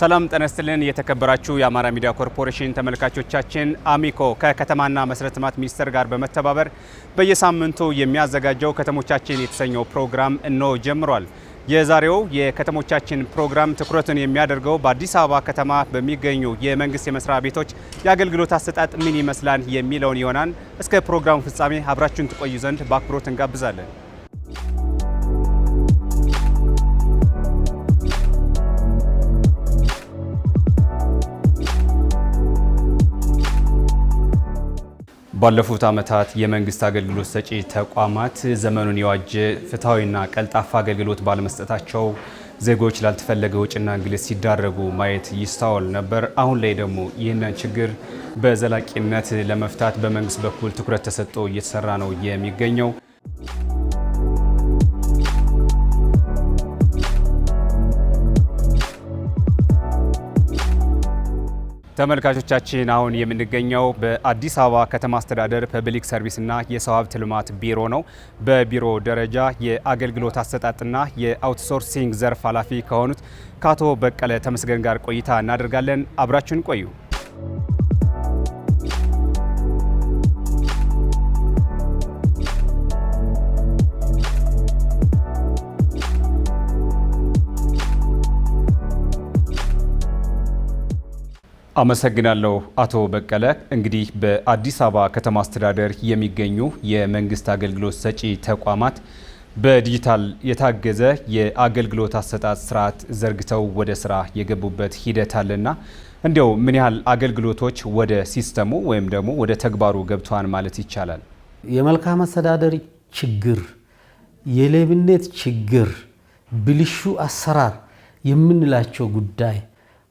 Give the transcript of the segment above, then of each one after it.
ሰላም ጠነስትልን የተከበራችሁ የአማራ ሚዲያ ኮርፖሬሽን ተመልካቾቻችን፣ አሚኮ ከከተማና መሰረተ ልማት ሚኒስቴር ጋር በመተባበር በየሳምንቱ የሚያዘጋጀው ከተሞቻችን የተሰኘው ፕሮግራም እነሆ ጀምሯል። የዛሬው የከተሞቻችን ፕሮግራም ትኩረቱን የሚያደርገው በአዲስ አበባ ከተማ በሚገኙ የመንግስት የመስሪያ ቤቶች የአገልግሎት አሰጣጥ ምን ይመስላል የሚለውን ይሆናል። እስከ ፕሮግራሙ ፍጻሜ አብራችሁን ትቆዩ ዘንድ በአክብሮት እንጋብዛለን። ባለፉት ዓመታት የመንግስት አገልግሎት ሰጪ ተቋማት ዘመኑን የዋጀ ፍትሐዊና ቀልጣፋ አገልግሎት ባለመስጠታቸው ዜጎች ላልተፈለገ ወጪና እንግልት ሲዳረጉ ማየት ይስተዋል ነበር። አሁን ላይ ደግሞ ይህንን ችግር በዘላቂነት ለመፍታት በመንግስት በኩል ትኩረት ተሰጥቶ እየተሰራ ነው የሚገኘው። ተመልካቾቻችን አሁን የምንገኘው በአዲስ አበባ ከተማ አስተዳደር ፐብሊክ ሰርቪስና የሰው ሀብት ልማት ቢሮ ነው። በቢሮ ደረጃ የአገልግሎት አሰጣጥና የአውትሶርሲንግ ዘርፍ ኃላፊ ከሆኑት ከአቶ በቀለ ተመስገን ጋር ቆይታ እናደርጋለን። አብራችን ቆዩ። አመሰግናለሁ አቶ በቀለ። እንግዲህ በአዲስ አበባ ከተማ አስተዳደር የሚገኙ የመንግስት አገልግሎት ሰጪ ተቋማት በዲጂታል የታገዘ የአገልግሎት አሰጣጥ ስርዓት ዘርግተው ወደ ስራ የገቡበት ሂደት አለና እንዲያው ምን ያህል አገልግሎቶች ወደ ሲስተሙ ወይም ደግሞ ወደ ተግባሩ ገብተዋል ማለት ይቻላል? የመልካም አስተዳደር ችግር፣ የሌብነት ችግር፣ ብልሹ አሰራር የምንላቸው ጉዳይ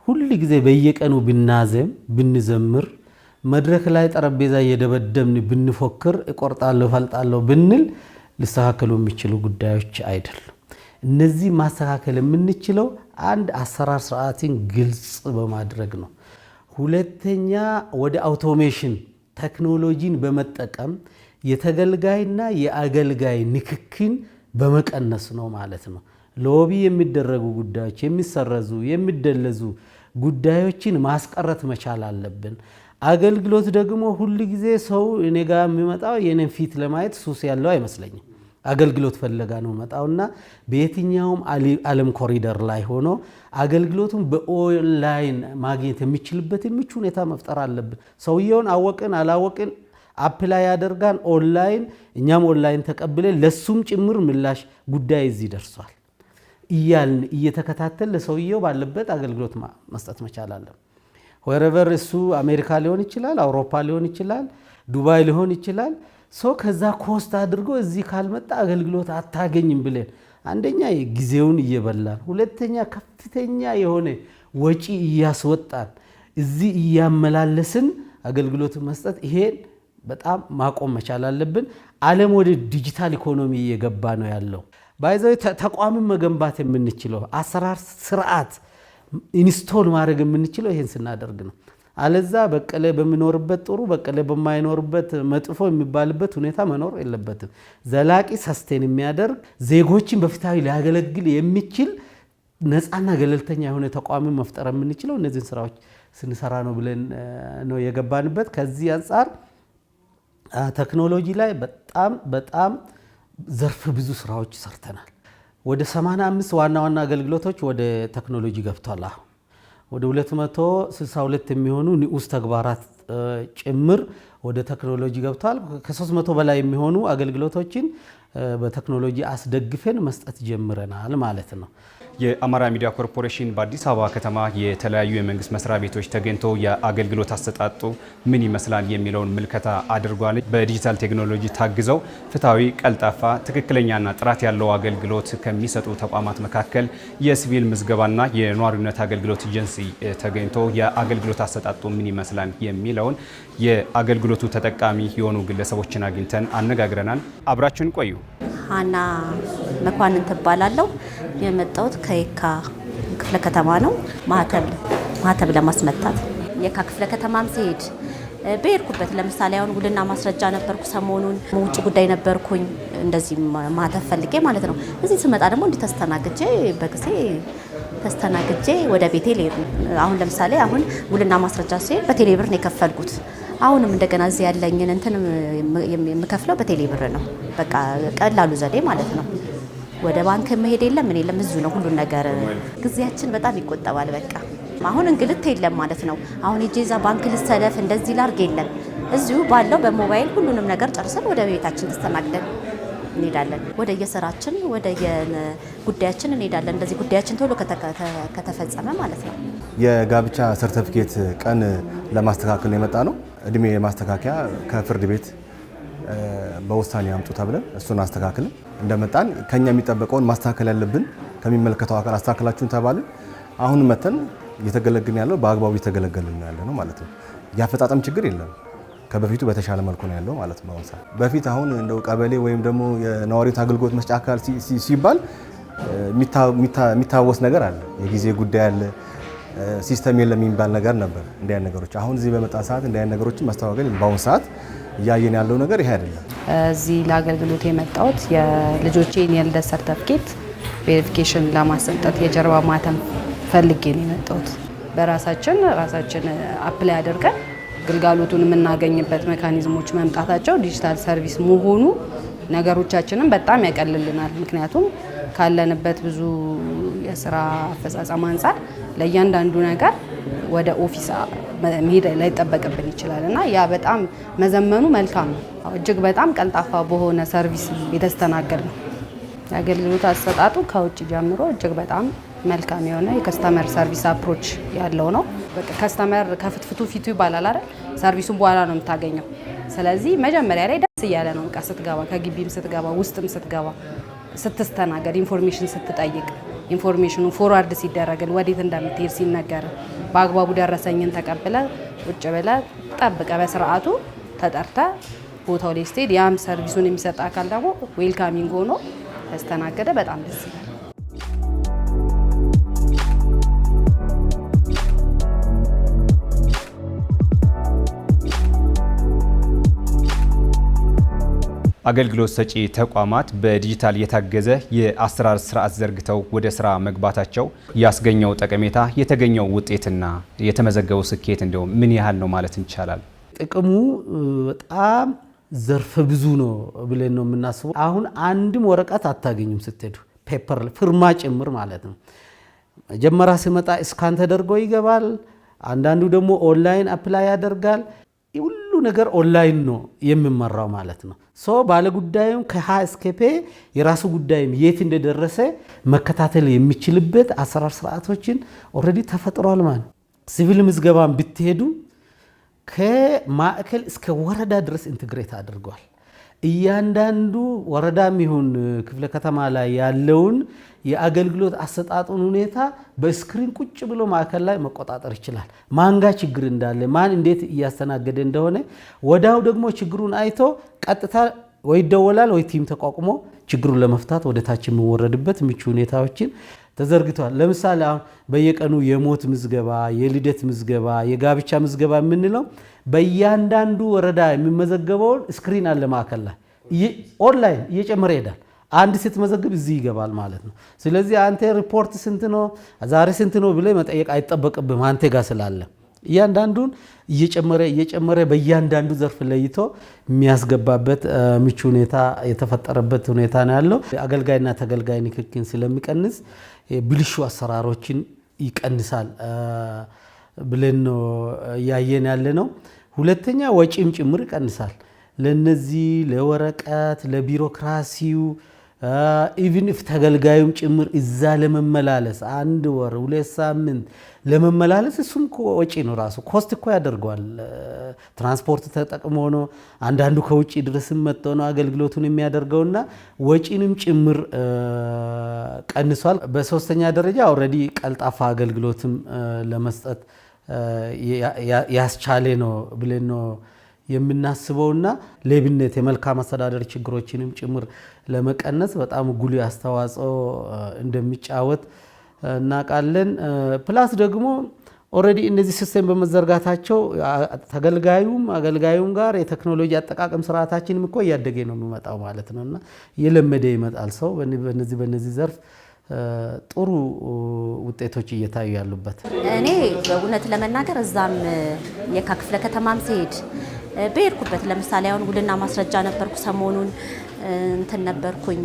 ሁል ጊዜ በየቀኑ ብናዘም ብንዘምር መድረክ ላይ ጠረጴዛ እየደበደብን ብንፎክር እቆርጣለሁ ፈልጣለሁ ብንል ሊስተካከሉ የሚችሉ ጉዳዮች አይደሉም። እነዚህ ማስተካከል የምንችለው አንድ አሰራር ስርዓትን ግልጽ በማድረግ ነው። ሁለተኛ ወደ አውቶሜሽን ቴክኖሎጂን በመጠቀም የተገልጋይና የአገልጋይ ንክክን በመቀነስ ነው ማለት ነው። ሎቢ የሚደረጉ ጉዳዮች የሚሰረዙ የሚደለዙ ጉዳዮችን ማስቀረት መቻል አለብን። አገልግሎት ደግሞ ሁል ጊዜ ሰው እኔ ጋር የሚመጣው የኔን ፊት ለማየት ሱስ ያለው አይመስለኝም። አገልግሎት ፈለጋ ነው መጣውና በየትኛውም ዓለም ኮሪደር ላይ ሆኖ አገልግሎቱን በኦንላይን ማግኘት የሚችልበት ምቹ ሁኔታ መፍጠር አለብን። ሰውየውን አወቅን አላወቅን አፕላይ ያደርጋን ኦንላይን፣ እኛም ኦንላይን ተቀብለን ለሱም ጭምር ምላሽ ጉዳይ እዚህ ደርሷል። እያልን እየተከታተል ለሰውየው ባለበት አገልግሎት መስጠት መቻል አለ። ወረቨር እሱ አሜሪካ ሊሆን ይችላል፣ አውሮፓ ሊሆን ይችላል፣ ዱባይ ሊሆን ይችላል። ሰው ከዛ ኮስት አድርጎ እዚህ ካልመጣ አገልግሎት አታገኝም ብለን አንደኛ ጊዜውን እየበላን፣ ሁለተኛ ከፍተኛ የሆነ ወጪ እያስወጣን እዚህ እያመላለስን አገልግሎት መስጠት ይሄን በጣም ማቆም መቻል አለብን። ዓለም ወደ ዲጂታል ኢኮኖሚ እየገባ ነው ያለው። ባይዘ ተቋምን መገንባት የምንችለው አሰራር ስርዓት ኢንስቶል ማድረግ የምንችለው ይሄን ስናደርግ ነው። አለዛ በቀለ በሚኖርበት ጥሩ በቀለ በማይኖርበት መጥፎ የሚባልበት ሁኔታ መኖር የለበትም። ዘላቂ ሰስቴን የሚያደርግ ዜጎችን በፍትሐዊ ሊያገለግል የሚችል ነፃና ገለልተኛ የሆነ ተቋሚ መፍጠር የምንችለው እነዚህን ስራዎች ስንሰራ ነው ብለን ነው የገባንበት። ከዚህ አንጻር ቴክኖሎጂ ላይ በጣም በጣም ዘርፈ ብዙ ስራዎች ሰርተናል። ወደ 85 ዋና ዋና አገልግሎቶች ወደ ቴክኖሎጂ ገብቷል። አሁን ወደ 262 የሚሆኑ ንዑስ ተግባራት ጭምር ወደ ቴክኖሎጂ ገብቷል። ከ300 በላይ የሚሆኑ አገልግሎቶችን በቴክኖሎጂ አስደግፈን መስጠት ጀምረናል ማለት ነው። የአማራ ሚዲያ ኮርፖሬሽን በአዲስ አበባ ከተማ የተለያዩ የመንግስት መስሪያ ቤቶች ተገኝቶ የአገልግሎት አሰጣጡ ምን ይመስላል የሚለውን ምልከታ አድርጓል። በዲጂታል ቴክኖሎጂ ታግዘው ፍትሐዊ፣ ቀልጣፋ፣ ትክክለኛና ጥራት ያለው አገልግሎት ከሚሰጡ ተቋማት መካከል የሲቪል ምዝገባና የኗሪነት አገልግሎት ኤጀንሲ ተገኝቶ የአገልግሎት አሰጣጡ ምን ይመስላል የሚለውን የአገልግሎቱ ተጠቃሚ የሆኑ ግለሰቦችን አግኝተን አነጋግረናል። አብራችን ቆዩ። ሀና መኳንን ትባላለሁ። የመጣሁት ከየካ ክፍለ ከተማ ነው ማተብ ለማስመታት የካ ክፍለ ከተማም ሲሄድ በሄድኩበት ለምሳሌ አሁን ውልና ማስረጃ ነበርኩ፣ ሰሞኑን ውጭ ጉዳይ ነበርኩኝ። እንደዚህ ማህተብ ፈልጌ ማለት ነው። እዚህ ስመጣ ደግሞ እንዲህ ተስተናግጄ በጊዜ ተስተናግጄ ወደ ቤቴ ልሄድ አሁን ለምሳሌ አሁን ውልና ማስረጃ ሲሄድ በቴሌብር ነው የከፈልኩት። አሁንም እንደገና እዚህ ያለኝን እንትን የምከፍለው በቴሌ ብር ነው። በቃ ቀላሉ ዘዴ ማለት ነው። ወደ ባንክ መሄድ የለም ምን የለም፣ እዚሁ ነው ሁሉን ነገር። ጊዜያችን በጣም ይቆጠባል። በቃ አሁን እንግልት የለም ማለት ነው። አሁን የጄዛ ባንክ ልሰለፍ እንደዚህ ላርግ የለም፣ እዚሁ ባለው በሞባይል ሁሉንም ነገር ጨርሰን ወደ ቤታችን ተስተናግደን እንሄዳለን። ወደ የስራችን ወደ የጉዳያችን እንሄዳለን። እንደዚህ ጉዳያችን ቶሎ ከተፈጸመ ማለት ነው። የጋብቻ ሰርተፊኬት ቀን ለማስተካከል የመጣ ነው። እድሜ ማስተካከያ ከፍርድ ቤት በውሳኔ አምጡ ተብለን እሱን አስተካክልን እንደመጣን ከኛ የሚጠበቀውን ማስተካከል ያለብን ከሚመለከተው አካል አስተካክላችሁን ተባልን። አሁን መተን እየተገለግን ያለው በአግባቡ እየተገለገልን ያለ ነው ማለት ነው። የአፈጻጸም ችግር የለም። ከበፊቱ በተሻለ መልኩ ነው ያለው ማለት ነው። አሁን በፊት አሁን እንደው ቀበሌ ወይም ደግሞ የነዋሪዎች አገልግሎት መስጫ አካል ሲባል የሚታወስ ነገር አለ፣ የጊዜ ጉዳይ አለ፣ ሲስተም የለም የሚባል ነገር ነበር። እንዲያን ነገሮች አሁን እዚህ በመጣ ሰዓት እንዲያን ነገሮችን ማስተዋወቅ በአሁን ሰዓት እያየን ያለው ነገር ይሄ አይደለም። እዚህ ለአገልግሎት የመጣሁት የልጆቼን የልደት ሰርተፍኬት ቬሪፊኬሽን ለማሰጠት የጀርባ ማተም ፈልጌ ነው የመጣሁት። በራሳችን ራሳችን አፕላይ አድርገን ግልጋሎቱን የምናገኝበት ሜካኒዝሞች መምጣታቸው ዲጂታል ሰርቪስ መሆኑ ነገሮቻችንን በጣም ያቀልልናል። ምክንያቱም ካለንበት ብዙ የስራ አፈጻጸም አንጻር ለእያንዳንዱ ነገር ወደ ኦፊስ መሄድ ላይጠበቅብን ይችላል እና ያ በጣም መዘመኑ መልካም ነው። እጅግ በጣም ቀልጣፋ በሆነ ሰርቪስ የተስተናገድ ነው። የአገልግሎት አሰጣጡ ከውጭ ጀምሮ እጅግ በጣም መልካም የሆነ የከስተመር ሰርቪስ አፕሮች ያለው ነው። ከስተመር ከፍትፍቱ ፊቱ ይባላል አይደል? ሰርቪሱን በኋላ ነው የምታገኘው። ስለዚህ መጀመሪያ ላይ ደስ እያለ ነው እቃ ስትገባ፣ ከግቢም ስትገባ፣ ውስጥም ስትገባ፣ ስትስተናገድ፣ ኢንፎርሜሽን ስትጠይቅ፣ ኢንፎርሜሽኑ ፎርዋርድ ሲደረግል ወዴት እንደምትሄድ ሲነገር በአግባቡ ደረሰኝን ተቀብለ ቁጭ ብለ ጠብቀ በስርዓቱ ተጠርተ ቦታው ላይ ስትሄድ ያም ሰርቪሱን የሚሰጥ አካል ደግሞ ዌልካሚንግ ሆኖ ተስተናገደ። በጣም ደስ ይላል። አገልግሎት ሰጪ ተቋማት በዲጂታል የታገዘ የአሰራር ስርዓት ዘርግተው ወደ ስራ መግባታቸው ያስገኘው ጠቀሜታ፣ የተገኘው ውጤትና የተመዘገበው ስኬት እንደው ምን ያህል ነው ማለት ይቻላል? ጥቅሙ በጣም ዘርፈ ብዙ ነው ብለን ነው የምናስበው። አሁን አንድም ወረቀት አታገኙም ስትሄዱ፣ ፔፐር ፍርማ ጭምር ማለት ነው። መጀመሪያ ስመጣ እስካን ተደርጎ ይገባል። አንዳንዱ ደግሞ ኦንላይን አፕላይ ያደርጋል። ነገር ኦንላይን ነው የሚመራው ማለት ነው። ሶ ባለጉዳዩም ከሀ እስከ ፔ የራሱ ጉዳይም የት እንደደረሰ መከታተል የሚችልበት አሰራር ስርዓቶችን ኦልሬዲ ተፈጥሯል ማለት ሲቪል ምዝገባን ብትሄዱ ከማዕከል እስከ ወረዳ ድረስ ኢንትግሬት አድርጓል። እያንዳንዱ ወረዳም ይሁን ክፍለ ከተማ ላይ ያለውን የአገልግሎት አሰጣጡን ሁኔታ በስክሪን ቁጭ ብሎ ማዕከል ላይ መቆጣጠር ይችላል። ማንጋ ችግር እንዳለ ማን እንዴት እያስተናገደ እንደሆነ ወዳው ደግሞ ችግሩን አይቶ ቀጥታ ወይ ይደወላል ወይ ቲም ተቋቁሞ ችግሩን ለመፍታት ወደ ታች ምቹ ሁኔታዎችን ተዘርግቷል። ለምሳሌ አሁን በየቀኑ የሞት ምዝገባ፣ የልደት ምዝገባ፣ የጋብቻ ምዝገባ የምንለው በእያንዳንዱ ወረዳ የሚመዘገበውን ስክሪን አለ ማዕከል ላይ ኦንላይን እየጨመረ ይሄዳል። አንድ መዘግብ እዚህ ይገባል ማለት ነው። ስለዚህ አንተ ሪፖርት ስንት ነው ዛሬ ስንት ነው ብለህ መጠየቅ አይጠበቅብም አንተ ጋር ስላለ እያንዳንዱን እየጨመረ እየጨመረ በእያንዳንዱ ዘርፍ ለይቶ የሚያስገባበት ምቹ ሁኔታ የተፈጠረበት ሁኔታ ነው ያለው። አገልጋይና ተገልጋይ ንክኪን ስለሚቀንስ ብልሹ አሰራሮችን ይቀንሳል ብለን ነው እያየን ያለ ነው። ሁለተኛ ወጪም ጭምር ይቀንሳል። ለነዚህ ለወረቀት ለቢሮክራሲው ኢቭን ተገልጋዩም ጭምር እዛ ለመመላለስ አንድ ወር ሁለት ሳምንት ለመመላለስ እሱም ወጪ ነው ራሱ ኮስት እኮ ያደርገዋል። ትራንስፖርት ተጠቅሞ ነው አንዳንዱ ከውጭ ድረስም መጥቶ ነው አገልግሎቱን የሚያደርገውና ወጪንም ጭምር ቀንሷል። በሶስተኛ ደረጃ ኦልሬዲ ቀልጣፋ አገልግሎትም ለመስጠት ያስቻለ ነው ብለን ነው የምናስበውና ሌብነት፣ የመልካም አስተዳደር ችግሮችንም ጭምር ለመቀነስ በጣም ጉልህ አስተዋጽኦ እንደሚጫወት እናውቃለን። ፕላስ ደግሞ ኦልሬዲ እነዚህ ሲስተም በመዘርጋታቸው ተገልጋዩም አገልጋዩም ጋር የቴክኖሎጂ አጠቃቀም ስርዓታችንም እኮ እያደገ ነው የሚመጣው ማለት ነው እና እየለመደ ይመጣል ሰው በነዚህ በነዚህ ዘርፍ ጥሩ ውጤቶች እየታዩ ያሉበት። እኔ እውነት ለመናገር እዛም የካ ክፍለ ከተማም ሲሄድ በሄድኩበት ለምሳሌ አሁን ውልና ማስረጃ ነበርኩ ሰሞኑን እንትን ነበርኩኝ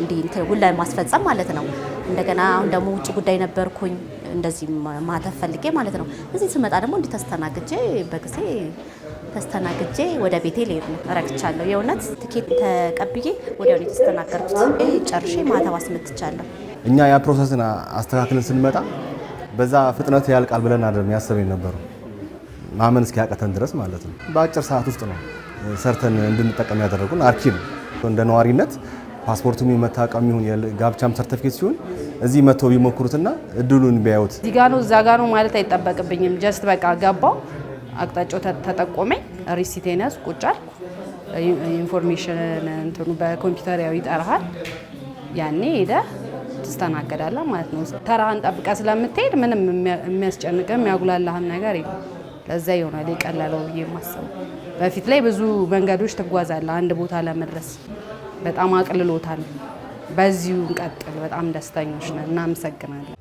እንዲህ ውል ማስፈጸም ማለት ነው። እንደገና አሁን ደግሞ ውጭ ጉዳይ ነበርኩኝ እንደዚህ ማተፍ ፈልጌ ማለት ነው። እዚህ ስመጣ ደግሞ እንዲህ ተስተናግጄ በጊዜ ተስተናግጄ ወደ ቤቴ ልሄድ ነው ረግቻለሁ። የእውነት ትኬት ተቀብዬ ወዲያውኑ የተስተናገርኩት ጨርሼ ማተብ አስመትቻለሁ። እኛ ያ ፕሮሰስን ስንመጣ በዛ ፍጥነት ያልቃል ብለን አደለም ያሰበኝ ነበሩ ማመን እስኪያቀተን ድረስ ማለት ነው። በአጭር ሰዓት ውስጥ ነው ሰርተን እንድንጠቀም ያደረጉን አርኪቭ እንደ ነዋሪነት ፓስፖርቱም የመታወቂያም ይሁን የጋብቻም ሰርተፊኬት ሲሆን እዚህ መጥተው ቢሞክሩትና እድሉን ቢያዩት እዚህ ጋ ነው እዛ ጋ ነው ማለት አይጠበቅብኝም። ጀስት በቃ ገባው፣ አቅጣጫው ተጠቆመኝ፣ ሪሲቴን ያዝ፣ ቁጭ አልኩ። ኢንፎርሜሽን እንትኑ በኮምፒውተር ያው ይጠራሃል። ያኔ ሄደ ትስተናገዳለህ ማለት ነው። ተራህን ጠብቀ ስለምትሄድ ምንም የሚያስጨንቅም የሚያጉላላህም ነገር የለም። ለዛ ይሆናል የቀለለው ብዬ የማስበው። በፊት ላይ ብዙ መንገዶች ትጓዛለ አንድ ቦታ ለመድረስ በጣም አቅልሎታል። በዚሁ እንቀጥል። በጣም ደስተኞች ነን። እናመሰግናለን።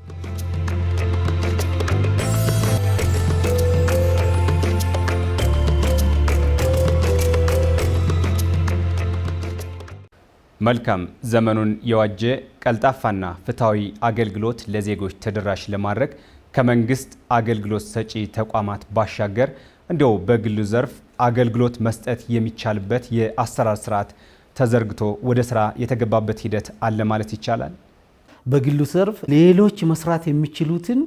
መልካም ዘመኑን የዋጀ ቀልጣፋና ፍትሐዊ አገልግሎት ለዜጎች ተደራሽ ለማድረግ ከመንግስት አገልግሎት ሰጪ ተቋማት ባሻገር እንዲሁ በግሉ ዘርፍ አገልግሎት መስጠት የሚቻልበት የአሰራር ስርዓት ተዘርግቶ ወደ ስራ የተገባበት ሂደት አለ ማለት ይቻላል። በግሉ ዘርፍ ሌሎች መስራት የሚችሉትን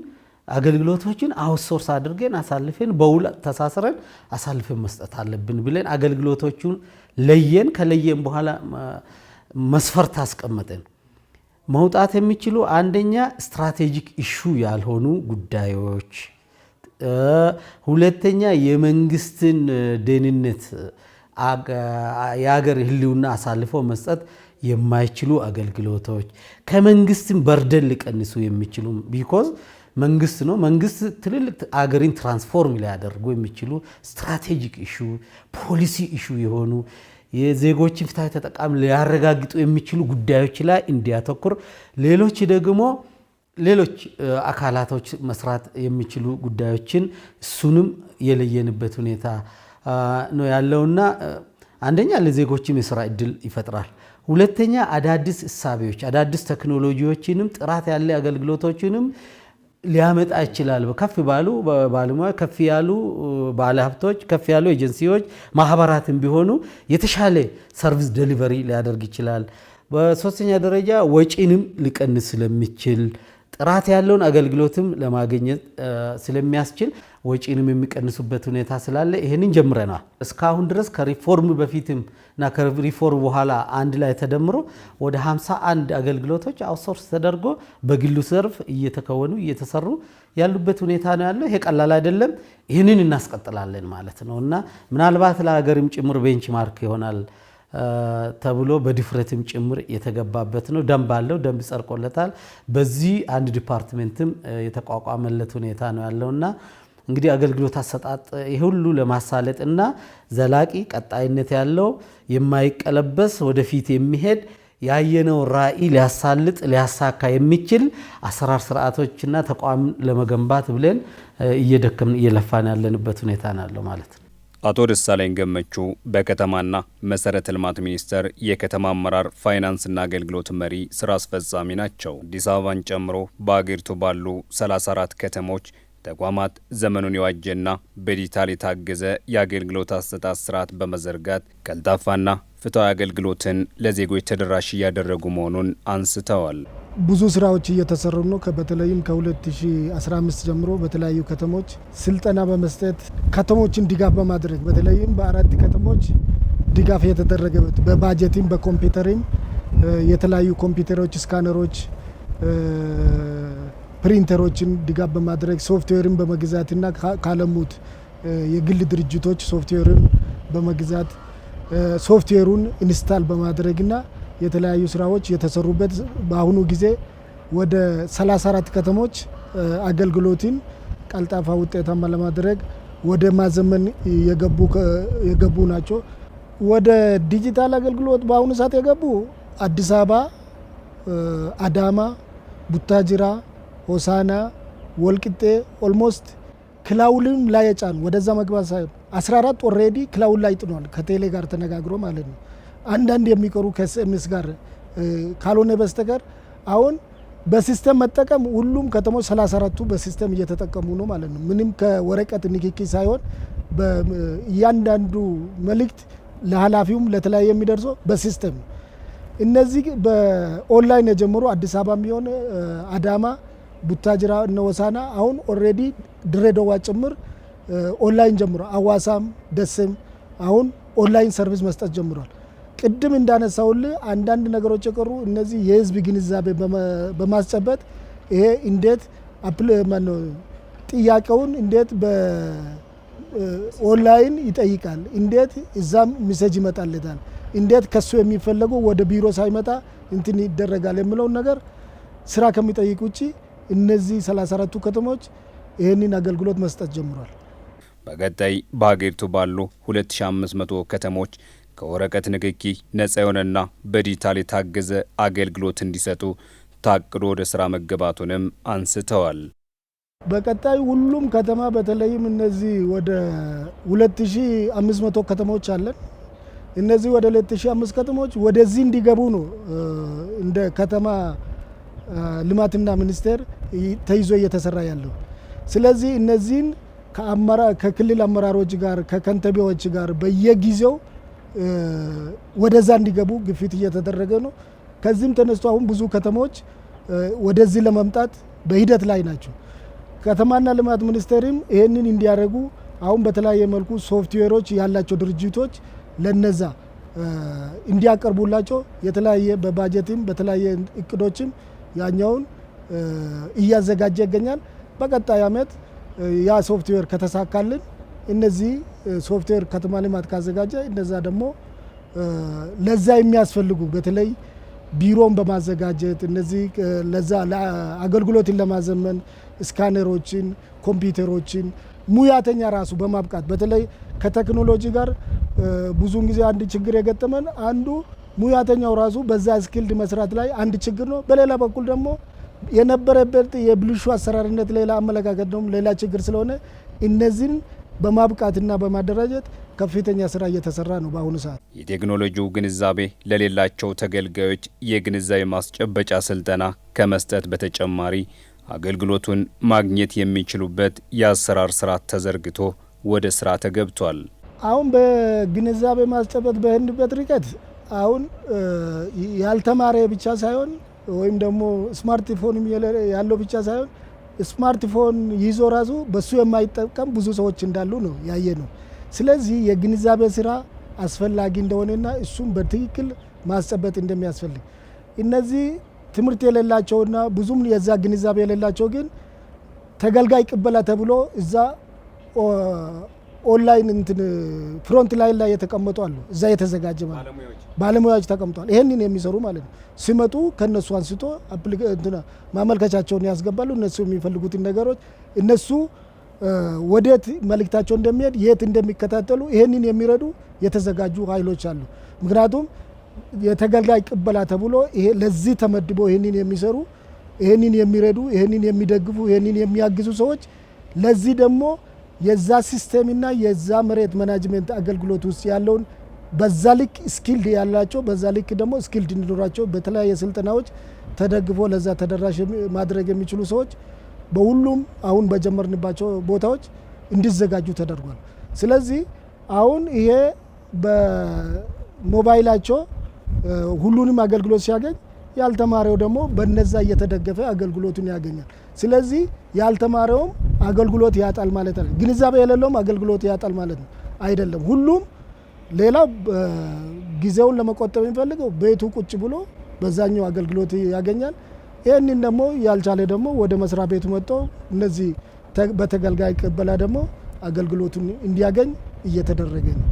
አገልግሎቶችን አውትሶርስ አድርገን አሳልፈን በውል ተሳስረን አሳልፈን መስጠት አለብን ብለን አገልግሎቶቹን ለየን። ከለየን በኋላ መስፈርት አስቀመጠን። መውጣት የሚችሉ አንደኛ ስትራቴጂክ ኢሹ ያልሆኑ ጉዳዮች ሁለተኛ የመንግስትን ደህንነት የሀገር ህልውና አሳልፎ መስጠት የማይችሉ አገልግሎቶች ከመንግስትን በርደን ሊቀንሱ የሚችሉ ቢኮዝ መንግስት ነው። መንግስት ትልልቅ አገሪን ትራንስፎርም ሊያደርጉ የሚችሉ ስትራቴጂክ ኢሹ፣ ፖሊሲ ኢሹ የሆኑ የዜጎችን ፍትሐዊ ተጠቃሚ ሊያረጋግጡ የሚችሉ ጉዳዮች ላይ እንዲያተኩር ሌሎች ደግሞ ሌሎች አካላቶች መስራት የሚችሉ ጉዳዮችን እሱንም የለየንበት ሁኔታ ነው ያለውና አንደኛ ለዜጎችም የስራ እድል ይፈጥራል። ሁለተኛ አዳዲስ እሳቤዎች፣ አዳዲስ ቴክኖሎጂዎችንም ጥራት ያለ አገልግሎቶችንም ሊያመጣ ይችላል። ከፍ ባሉ ባለሙያ ከፍ ያሉ ባለሀብቶች፣ ከፍ ያሉ ኤጀንሲዎች፣ ማህበራትም ቢሆኑ የተሻለ ሰርቪስ ደሊቨሪ ሊያደርግ ይችላል። በሶስተኛ ደረጃ ወጪንም ሊቀንስ ስለሚችል ጥራት ያለውን አገልግሎትም ለማግኘት ስለሚያስችል ወጪንም የሚቀንሱበት ሁኔታ ስላለ ይህንን ጀምረናል። እስካሁን ድረስ ከሪፎርም በፊትም እና ከሪፎርም በኋላ አንድ ላይ ተደምሮ ወደ 51 አገልግሎቶች አውትሶርስ ተደርጎ በግሉ ዘርፍ እየተከወኑ እየተሰሩ ያሉበት ሁኔታ ነው ያለው። ይሄ ቀላል አይደለም። ይህንን እናስቀጥላለን ማለት ነው እና ምናልባት ለሀገርም ጭምር ቤንች ማርክ ይሆናል። ተብሎ በድፍረትም ጭምር የተገባበት ነው። ደንብ አለው፣ ደንብ ጸድቆለታል። በዚህ አንድ ዲፓርትሜንትም የተቋቋመለት ሁኔታ ነው ያለውና እንግዲህ አገልግሎት አሰጣጥ ይህ ሁሉ ለማሳለጥና ዘላቂ ቀጣይነት ያለው የማይቀለበስ ወደፊት የሚሄድ ያየነው ራዕይ ሊያሳልጥ ሊያሳካ የሚችል አሰራር ስርዓቶችና ተቋም ለመገንባት ብለን እየደከምን እየለፋን ያለንበት ሁኔታ ነው ያለው ማለት ነው። አቶ ደሳለኝ ገመቹ በከተማና መሰረተ ልማት ሚኒስቴር የከተማ አመራር ፋይናንስና አገልግሎት መሪ ስራ አስፈጻሚ ናቸው። አዲስ አበባን ጨምሮ በአገሪቱ ባሉ 34 ከተሞች ተቋማት ዘመኑን የዋጀና በዲጂታል የታገዘ የአገልግሎት አሰጣጥ ስርዓት በመዘርጋት ቀልጣፋና ፍትሐዊ አገልግሎትን ለዜጎች ተደራሽ እያደረጉ መሆኑን አንስተዋል። ብዙ ስራዎች እየተሰሩ ነው። በተለይም ከ2015 ጀምሮ በተለያዩ ከተሞች ስልጠና በመስጠት ከተሞችን ድጋፍ በማድረግ በተለይም በአራት ከተሞች ድጋፍ የተደረገበት በባጀትም በኮምፒውተርም የተለያዩ ኮምፒውተሮች፣ ስካነሮች፣ ፕሪንተሮችን ድጋፍ በማድረግ ሶፍትዌርን በመግዛትና ካለሙት የግል ድርጅቶች ሶፍትዌርን በመግዛት ሶፍትዌሩን ኢንስታል በማድረግና የተለያዩ ስራዎች የተሰሩበት በአሁኑ ጊዜ ወደ 34 ከተሞች አገልግሎትን ቀልጣፋ፣ ውጤታማ ለማድረግ ወደ ማዘመን የገቡ ናቸው። ወደ ዲጂታል አገልግሎት በአሁኑ ሰዓት የገቡ አዲስ አበባ፣ አዳማ፣ ቡታጅራ፣ ሆሳና፣ ወልቅጤ ኦልሞስት ክላውልም ላይ የጫኑ ወደዛ መግባት ሳይሆን 14 ኦልሬዲ ክላውል ላይ ጥኗል። ከቴሌ ጋር ተነጋግሮ ማለት ነው። አንዳንድ የሚቀሩ ከኤስኤምኤስ ጋር ካልሆነ በስተቀር አሁን በሲስተም መጠቀም ሁሉም ከተሞች ሰላሳ አራቱ በሲስተም እየተጠቀሙ ነው ማለት ነው። ምንም ከወረቀት ንክኪ ሳይሆን እያንዳንዱ መልእክት ለኃላፊውም ለተለያየ የሚደርሰው በሲስተም ነው። እነዚህ በኦንላይን የጀመሩ አዲስ አበባ የሚሆን አዳማ፣ ቡታጅራ እነ ወሳና አሁን ኦልሬዲ ድሬዳዋ ጭምር ኦንላይን ጀምሯል። አዋሳም ደሴም አሁን ኦንላይን ሰርቪስ መስጠት ጀምሯል። ቅድም እንዳነሳውል አንዳንድ ነገሮች የቀሩ እነዚህ የህዝብ ግንዛቤ በማስጨበጥ ይሄ እንዴት ጥያቄውን እንዴት በኦንላይን ይጠይቃል፣ እንዴት እዛም ሚሴጅ ይመጣለታል፣ እንዴት ከሱ የሚፈለጉ ወደ ቢሮ ሳይመጣ እንትን ይደረጋል የሚለውን ነገር ስራ ከሚጠይቅ ውጭ እነዚህ 34ቱ ከተሞች ይህንን አገልግሎት መስጠት ጀምሯል። በቀጣይ በሀገሪቱ ባሉ 2500 ከተሞች ከወረቀት ንክኪ ነጻ የሆነና በዲጂታል የታገዘ አገልግሎት እንዲሰጡ ታቅዶ ወደ ስራ መገባቱንም አንስተዋል። በቀጣይ ሁሉም ከተማ በተለይም እነዚህ ወደ 2500 ከተሞች አለን። እነዚህ ወደ 2500 ከተሞች ወደዚህ እንዲገቡ ነው እንደ ከተማ ልማትና ሚኒስቴር ተይዞ እየተሰራ ያለው። ስለዚህ እነዚህን ከክልል አመራሮች ጋር ከከንቲባዎች ጋር በየጊዜው ወደዛ እንዲገቡ ግፊት እየተደረገ ነው። ከዚህም ተነስቶ አሁን ብዙ ከተሞች ወደዚህ ለመምጣት በሂደት ላይ ናቸው። ከተማና ልማት ሚኒስቴርም ይህንን እንዲያደርጉ አሁን በተለያየ መልኩ ሶፍትዌሮች ያላቸው ድርጅቶች ለነዛ እንዲያቀርቡላቸው የተለያየ በባጀትም በተለያየ እቅዶችም ያኛውን እያዘጋጀ ይገኛል። በቀጣይ ዓመት ያ ሶፍትዌር ከተሳካልን እነዚህ ሶፍትዌር ከተማ ልማት ካዘጋጀ እንደዛ ደግሞ ለዛ የሚያስፈልጉ በተለይ ቢሮን በማዘጋጀት እነዚህ ለዛ አገልግሎትን ለማዘመን ስካነሮችን፣ ኮምፒውተሮችን ሙያተኛ ራሱ በማብቃት በተለይ ከቴክኖሎጂ ጋር ብዙውን ጊዜ አንድ ችግር የገጠመን አንዱ ሙያተኛው ራሱ በዛ ስኪልድ መስራት ላይ አንድ ችግር ነው። በሌላ በኩል ደግሞ የነበረበት የብልሹ አሰራርነት ሌላ አመለካከት ነው ሌላ ችግር ስለሆነ እነዚህን በማብቃትና በማደራጀት ከፍተኛ ስራ እየተሰራ ነው። በአሁኑ ሰዓት የቴክኖሎጂው ግንዛቤ ለሌላቸው ተገልጋዮች የግንዛቤ ማስጨበጫ ስልጠና ከመስጠት በተጨማሪ አገልግሎቱን ማግኘት የሚችሉበት የአሰራር ስርዓት ተዘርግቶ ወደ ስራ ተገብቷል። አሁን በግንዛቤ ማስጨበጥ በህንድበት ርቀት አሁን ያልተማረ ብቻ ሳይሆን ወይም ደግሞ ስማርትፎን ያለው ብቻ ሳይሆን ስማርትፎን ይዞ ራሱ በሱ የማይጠቀም ብዙ ሰዎች እንዳሉ ነው ያየ ነው። ስለዚህ የግንዛቤ ስራ አስፈላጊ እንደሆነና እሱም በትክክል ማስጨበጥ እንደሚያስፈልግ እነዚህ ትምህርት የሌላቸውና ብዙም የዛ ግንዛቤ የሌላቸው ግን ተገልጋይ ቅበላ ተብሎ እዛ ኦንላይን እንትን ፍሮንት ላይን ላይ የተቀመጡ አሉ። እዛ የተዘጋጀ ማለት ባለሙያዎች ተቀምጧል። ይሄንን የሚሰሩ ማለት ነው። ሲመጡ ከነሱ አንስቶ ማመልከቻቸውን ያስገባሉ። እነሱ የሚፈልጉትን ነገሮች እነሱ ወዴት መልእክታቸው እንደሚሄድ የት እንደሚከታተሉ ይሄንን የሚረዱ የተዘጋጁ ኃይሎች አሉ። ምክንያቱም የተገልጋይ ቅበላ ተብሎ ይሄ ለዚህ ተመድቦ ይሄንን የሚሰሩ ይሄንን የሚረዱ ይሄንን የሚደግፉ ይሄንን የሚያግዙ ሰዎች ለዚህ ደግሞ የዛ ሲስተምና የዛ መሬት ማናጅመንት አገልግሎት ውስጥ ያለውን በዛ ልክ ስኪልድ ያላቸው በዛ ልክ ደግሞ ስኪልድ እንዲኖራቸው በተለያየ ስልጠናዎች ተደግፎ ለዛ ተደራሽ ማድረግ የሚችሉ ሰዎች በሁሉም አሁን በጀመርንባቸው ቦታዎች እንዲዘጋጁ ተደርጓል። ስለዚህ አሁን ይሄ በሞባይላቸው ሁሉንም አገልግሎት ሲያገኝ ያልተማረው ደግሞ በነዛ እየተደገፈ አገልግሎቱን ያገኛል። ስለዚህ ያልተማረውም አገልግሎት ያጣል ማለት ነው። ግንዛቤ የሌለውም አገልግሎት ያጣል ማለት ነው አይደለም። ሁሉም ሌላው ጊዜውን ለመቆጠብ የሚፈልገው ቤቱ ቁጭ ብሎ በዛኛው አገልግሎት ያገኛል። ይህንን ደግሞ ያልቻለ ደግሞ ወደ መስሪያ ቤቱ መጥቶ እነዚህ በተገልጋይ ቅበላ ደግሞ አገልግሎቱን እንዲያገኝ እየተደረገ ነው።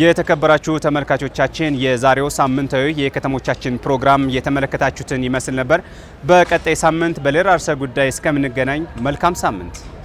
የተከበራችሁ ተመልካቾቻችን የዛሬው ሳምንታዊ የከተሞቻችን ፕሮግራም የተመለከታችሁትን ይመስል ነበር። በቀጣይ ሳምንት በሌላ ርዕሰ ጉዳይ እስከምንገናኝ መልካም ሳምንት